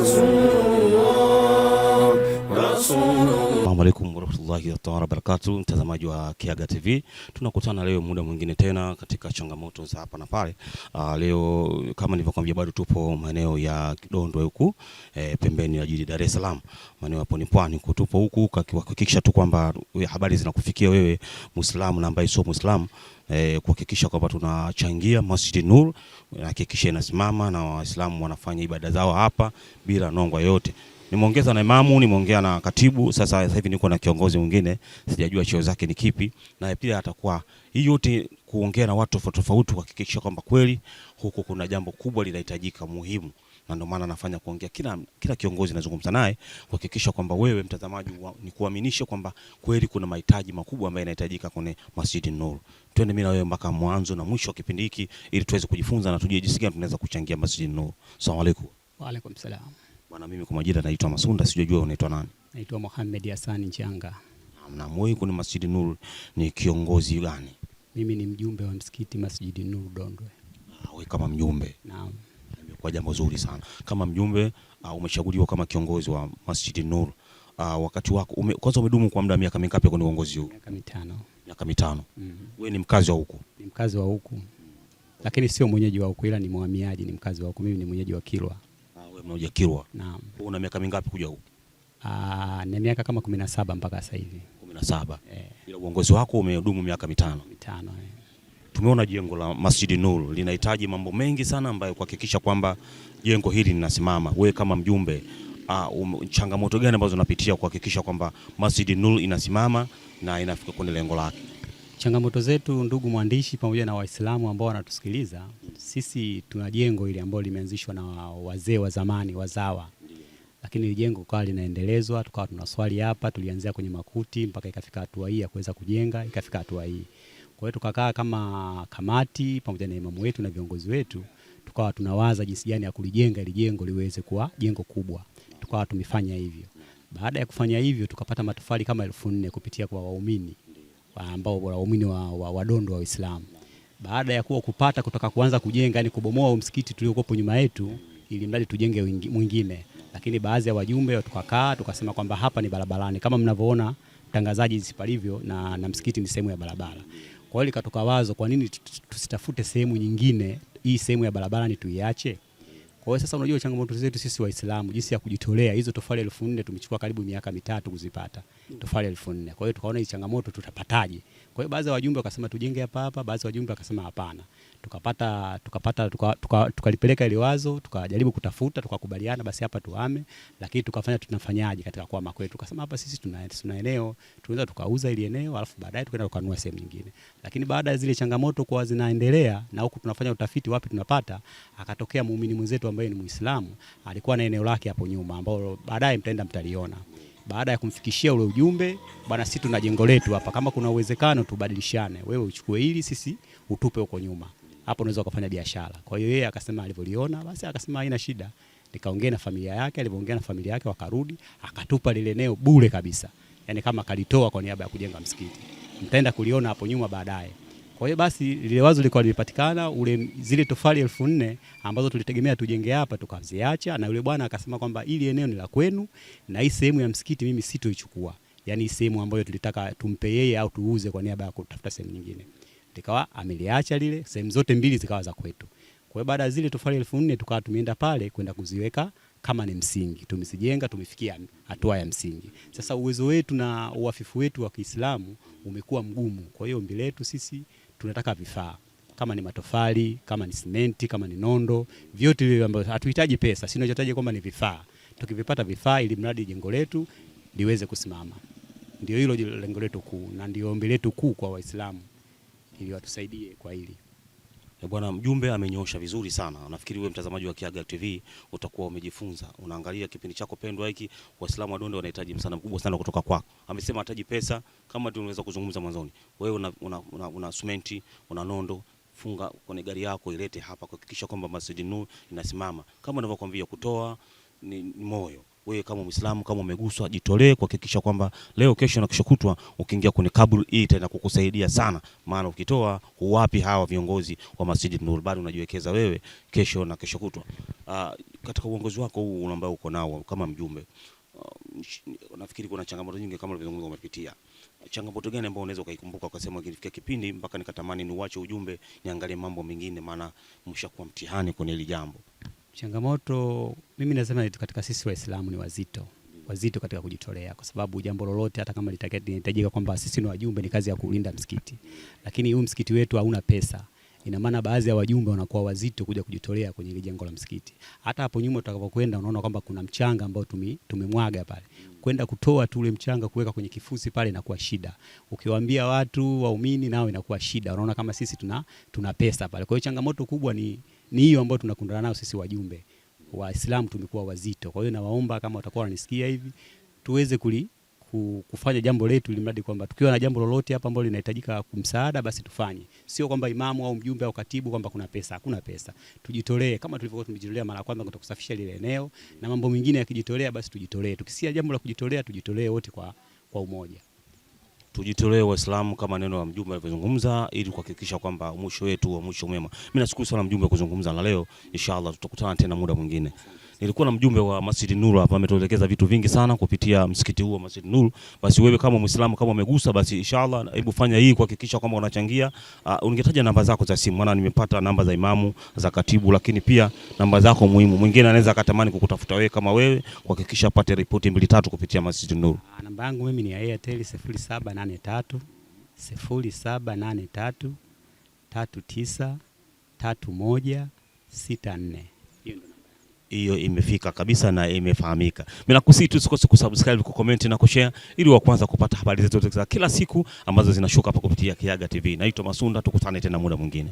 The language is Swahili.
arzu warahmatullahi taala wabarakatu, mtazamaji wa Kiyaga TV, tunakutana leo muda mwingine tena katika changamoto za hapa na pale. Uh, Leo kama nilivyokuambia, bado tupo maeneo ya Kidondwe huku e, pembeni ya jiji Dar es Salaam, maeneo hapo ni pwani pwani, tupo huku kuhakikisha tu kwamba habari zinakufikia wewe Muislamu na ambaye sio Muislamu. Eh, kuhakikisha kwamba tunachangia Masjid Nur, hakikisha inasimama na Waislamu wanafanya ibada zao hapa bila nongwa yote. Nimeongeza na imamu, nimeongea na katibu. Sasa sasa hivi niko na kiongozi mwingine, sijajua cheo zake ni kipi, na pia atakuwa hii yote kuongea na watu tofauti tofauti, kuhakikisha kwamba kweli huku kuna jambo kubwa linahitajika muhimu, na ndio maana nafanya kuongea kila, kila kiongozi nazungumza naye kuhakikisha kwamba wewe mtazamaji wa, ni kuaminisha kwamba kweli kuna mahitaji makubwa ambayo yanahitajika kwenye Masjidi Nur. Twende mimi na wewe mpaka mwanzo na mwisho wa kipindi hiki ili tuweze kujifunza na tujue jinsi gani tunaweza kuchangia Masjidi Nur. Asalamu alaykum. Wa alaykum salaam. Bwana, mimi kwa majina naitwa Masunda, sijajua unaitwa nani. Naitwa Mohamed Hassan Nchanga. Na huko ni Masjidi Nur ni kiongozi gani? Mimi ni mjumbe wa msikiti Masjidi Nur Dondwe. Ah, wewe kama mjumbe. Naam. Imekuwa jambo zuri sana. Kama mjumbe uh, ah, umechaguliwa kama kiongozi wa Masjidi Nur. Uh, wakati wako ume, kwanza umedumu kwa muda miaka mingapi kwenye uongozi huu? Miaka mitano. Miaka mitano. Mm -hmm. Wewe ni mkazi wa huku? Ni mkazi wa huku. Lakini sio mwenyeji wa huku ila ni mhamiaji, ni mkazi wa huku. Mimi ni mwenyeji wa Kilwa mmoja Kirwa. Naam. Una miaka mingapi kuja huku? Ah, ni miaka kama 17 mpaka sasa hivi. 17. Eh. Ila uongozi wako umedumu miaka mitano. Mitano, eh. Tumeona jengo la Masjid Nur linahitaji mambo mengi sana ambayo kuhakikisha kwamba jengo hili linasimama. Wewe kama mjumbe ah, um, changamoto gani ambazo unapitia kuhakikisha kwamba Masjid Nur inasimama na inafika kwenye lengo lake? Changamoto zetu ndugu mwandishi, pamoja na Waislamu ambao wanatusikiliza, sisi tuna jengo hili ambalo limeanzishwa na wazee wa zamani wazawa, lakini jengo kwa linaendelezwa, tukawa tuna swali hapa, tulianzia kwenye makuti mpaka ikafika hatua hii ya kuweza kujenga, ikafika hatua hii. Kwa hiyo tukakaa kama kamati pamoja na imamu wetu na viongozi wetu, tukawa tunawaza jinsi gani ya kulijenga ili jengo liweze kuwa jengo kubwa, tukawa tumefanya hivyo. Baada ya kufanya hivyo, tukapata matofali kama elfu nne kupitia kwa waumini ambao waumini wa, wa, wadondo wa Uislamu baada ya kuwa kupata kutoka kuanza kujenga yani kubomoa msikiti tuliokuwa nyuma yetu ili mradi tujenge mwingine, lakini baadhi ya wajumbe tukakaa tukasema kwamba hapa ni barabarani kama mnavyoona mtangazaji jinsi palivyo na, na msikiti ni sehemu ya barabara. Kwa hiyo likatoka wazo, kwa nini tusitafute sehemu nyingine, hii sehemu ya barabara ni tuiache? Kwa hiyo sasa, unajua changamoto zetu sisi Waislamu, jinsi ya kujitolea. Hizo tofali elfu nne tumechukua karibu miaka mitatu kuzipata tofali elfu nne. Kwa hiyo tukaona hii changamoto tutapataje? Kwa hiyo baadhi ya wajumbe wakasema tujenge hapa hapa, baadhi ya wajumbe wakasema hapana. Tukapata tukapata tukalipeleka tuka, tuka ile wazo, tukajaribu kutafuta, tukakubaliana basi hapa tuame, lakini tukafanya tunafanyaje katika kuama kwetu. Tukasema hapa sisi tuna, tuna eneo, tunaweza tukauza ile eneo alafu baadaye tukaenda tukanua sehemu nyingine. Lakini baada ya zile changamoto kwa zinaendelea na huku tunafanya utafiti wapi tunapata, akatokea muumini mwenzetu ambaye ni Muislamu, alikuwa na eneo lake hapo nyuma ambao baadaye mtaenda mtaliona baada ya kumfikishia ule ujumbe, bwana, sisi tuna jengo letu hapa, kama kuna uwezekano tubadilishane, wewe uchukue hili, sisi utupe huko nyuma, hapo unaweza ukafanya biashara. Kwa hiyo yeye akasema, alivyoliona basi akasema haina shida, nikaongea na familia yake. Alivyoongea na familia yake, wakarudi, akatupa lile eneo bure kabisa, yani kama kalitoa kwa niaba ya kujenga msikiti. Mtaenda kuliona hapo nyuma baadaye. Kwa hiyo basi lile wazo lilikuwa lilipatikana ule zile tofali elfu nne ambazo tulitegemea tujenge hapa tukaziacha, na yule bwana akasema kwamba ili eneo ni la kwenu na hii sehemu ya msikiti mimi sitoichukua, yaani sehemu ambayo tulitaka tumpe yeye au tuuze kwa niaba ya kutafuta sehemu nyingine. Likawa ameliacha lile, sehemu zote mbili zikawa za kwetu. Kwa hiyo baada ya zile tofali elfu nne tukawa tumeenda pale kwenda kuziweka kama ni msingi, tumezijenga, tumefikia hatua ya msingi. Sasa uwezo wetu na uafifu wetu wa Kiislamu umekuwa mgumu, kwa hiyo ombi letu sisi tunataka vifaa kama ni matofali, kama ni simenti, kama ni nondo, vyote hivyo ambavyo hatuhitaji pesa. sio tunachohitaji kwamba ni vifaa, tukivipata vifaa, ili mradi jengo letu liweze kusimama. Ndio hilo lengo letu kuu na ndio ombi letu kuu kwa Waislamu, ili watusaidie kwa hili. Eh, bwana mjumbe amenyoosha vizuri sana. Nafikiri wewe mtazamaji wa Kiaga TV utakuwa umejifunza. Unaangalia kipindi chako pendwa hiki, Waislamu wa Donde wanahitaji msaada mkubwa sana kutoka kwako. Amesema hataji pesa kama tunaweza kuzungumza mwanzoni. Wewe una, una, una, una sumenti, una nondo, funga kwenye gari yako ilete hapa kuhakikisha kwamba Masjid Nur inasimama. Kama ninavyokuambia kutoa ni, ni moyo wewe kama Muislamu kama umeguswa, jitolee kuhakikisha kwamba leo, kesho na kesho kutwa ukiingia kwenye kaburi hii itaenda kukusaidia sana, maana ukitoa huwapi hawa viongozi wa Masjid Nur, bado unajiwekeza wewe kesho na kesho kutwa. Uh, katika uongozi wako huu ambao uko nao kama mjumbe, uh, nafikiri kuna changamoto nyingi kama ulivyozungumza umepitia. Changamoto gani ambayo unaweza ukaikumbuka ukasema kilifikia kipindi mpaka nikatamani niuache ujumbe niangalie mambo mengine, maana mshakuwa mtihani kwenye hili jambo? Changamoto mimi nasema katika sisi Waislamu ni wazito wazito katika kujitolea, kwa sababu jambo lolote hata kama linahitajika kwamba sisi ni wajumbe, ni kazi ya kulinda msikiti, lakini huu msikiti wetu hauna pesa. Ina maana baadhi ya wajumbe wanakuwa wazito kuja kujitolea kwenye ile jengo la msikiti. Hata hapo nyuma tutakapokwenda unaona kwamba kuna mchanga ambao tumemwaga pale, kwenda kutoa tu ule mchanga kuweka kwenye kifusi pale inakuwa shida. Ukiwaambia watu waumini, nao inakuwa shida, unaona kama sisi tuna, tuna pesa pale. Kwa hiyo changamoto kubwa ni ni hiyo ambayo tunakundana nayo sisi wajumbe Waislamu, tumekuwa wazito. Kwa hiyo nawaomba kama watakuwa wananisikia hivi, tuweze kuli, kufanya jambo letu, ili mradi kwamba tukiwa na jambo lolote hapa ambalo linahitajika kumsaada, basi tufanye, sio kwamba imamu au mjumbe au katibu kwamba kuna pesa. Hakuna pesa, tujitolee kama tulivyokuwa tumejitolea mara ya kwanza kwa kusafisha lile eneo na mambo mengine yakijitolea, basi tujitolee. Tukisikia jambo la kujitolea, tujitolee wote kwa, kwa umoja tujitolee Waislamu kama neno la mjumbe alivyozungumza, ili kuhakikisha kwamba mwisho wetu wa mwisho mwema. Mimi nashukuru sana mjumbe kuzungumza na leo, inshallah tutakutana tena muda mwingine. Nilikuwa na mjumbe wa Masjid Nur hapa ametuelekeza vitu vingi sana kupitia msikiti huu wa Masjid Nur. Basi wewe kama Muislamu kama umegusa basi inshallah hebu fanya hii kuhakikisha kwamba unachangia. Uh, ungetaja namba zako za simu maana nimepata namba za imamu, za katibu lakini pia namba zako muhimu. Mwingine anaweza akatamani kukutafuta wewe kama wewe kuhakikisha apate ripoti mbili tatu kupitia Masjid Nur. Ah, namba yangu mimi ni Airtel 0783 0783 39 tatu moja sita nne hiyo imefika kabisa na imefahamika. Mimi nakusii tu usikose kusubscribe, kucomment na kushare ili wa kwanza kupata habari zetu za kila siku ambazo zinashuka hapa kupitia Kiyaga TV. Naitwa Masunda, tukutane tena muda mwingine.